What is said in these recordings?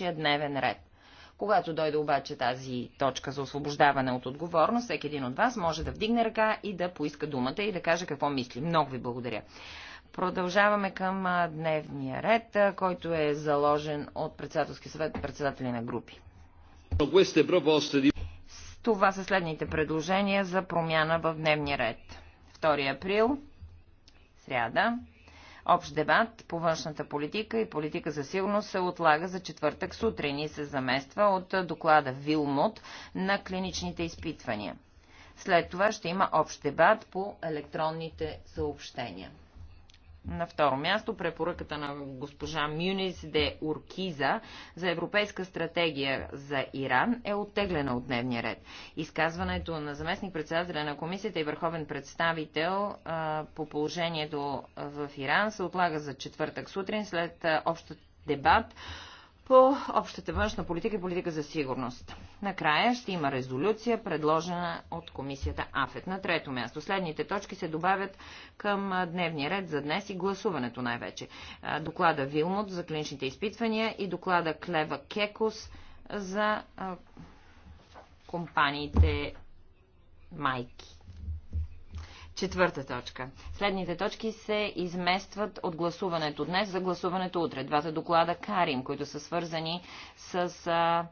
нашия дневен ред. Когато дойде обаче тази точка за освобождаване от отговорност, всеки един от вас може да вдигне ръка и да поиска думата и да каже какво мисли. Много ви благодаря. Продължаваме към дневния ред, който е заложен от председателски съвет председатели на групи. Това са следните предложения за промяна в дневния ред. 2 април, сряда, Общ дебат по външната политика и политика за сигурност се отлага за четвъртък сутрин и се замества от доклада Вилмот на клиничните изпитвания. След това ще има общ дебат по електронните съобщения. На второ място препоръката на госпожа Мюнис де Уркиза за европейска стратегия за Иран е оттеглена от дневния ред. Изказването на заместник председателя на комисията и върховен представител а, по положението в Иран се отлага за четвъртък сутрин след общ дебат по общата външна политика и политика за сигурност. Накрая ще има резолюция, предложена от комисията АФЕТ. На трето място следните точки се добавят към дневния ред за днес и гласуването най-вече. Доклада Вилмут за клиничните изпитвания и доклада Клева Кекус за компаниите майки. Четвърта точка. Следните точки се изместват от гласуването днес за гласуването утре. Двата доклада Карим, които са свързани с а,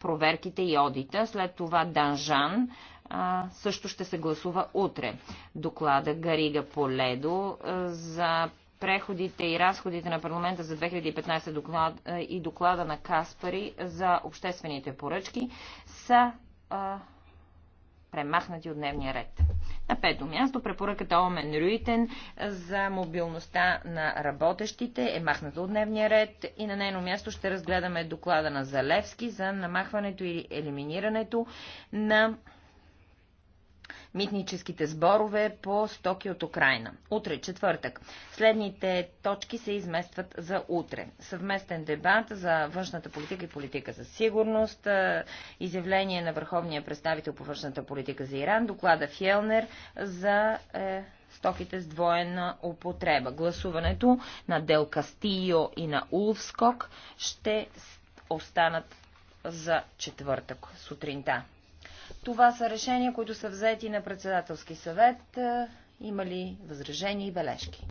проверките и одита. След това Данжан а, също ще се гласува утре. Доклада Гарига Поледо а, за преходите и разходите на парламента за 2015 доклад, а, и доклада на Каспари за обществените поръчки са а, премахнати от дневния ред. На пето място препоръката Омен Рюитен за мобилността на работещите е махната от дневния ред и на нейно място ще разгледаме доклада на Залевски за намахването или елиминирането на митническите сборове по стоки от Украина. Утре, четвъртък. Следните точки се изместват за утре. Съвместен дебат за външната политика и политика за сигурност, изявление на върховния представител по външната политика за Иран, доклада Фелнер за е, стоките с двоена употреба. Гласуването на Дел Кастио и на Улфскок ще останат за четвъртък сутринта. Това са решения, които са взети на председателски съвет. Е, има ли възражения и бележки?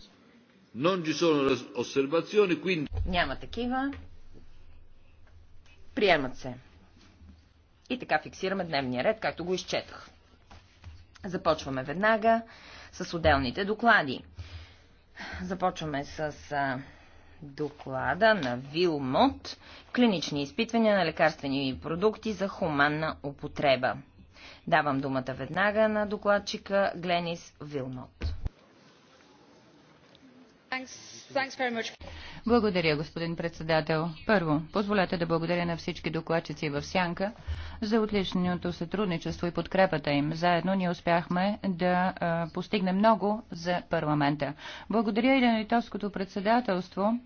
Няма такива. Приемат се. И така фиксираме дневния ред, както го изчетах. Започваме веднага с отделните доклади. Започваме с доклада на Вилмот – клинични изпитвания на лекарствени продукти за хуманна употреба. Давам думата веднага на докладчика Гленис Вилмот. Благодаря, господин председател. Първо, позволете да благодаря на всички докладчици в Сянка за отличното сътрудничество и подкрепата им. Заедно ние успяхме да постигнем много за парламента. Благодаря и на литовското председателство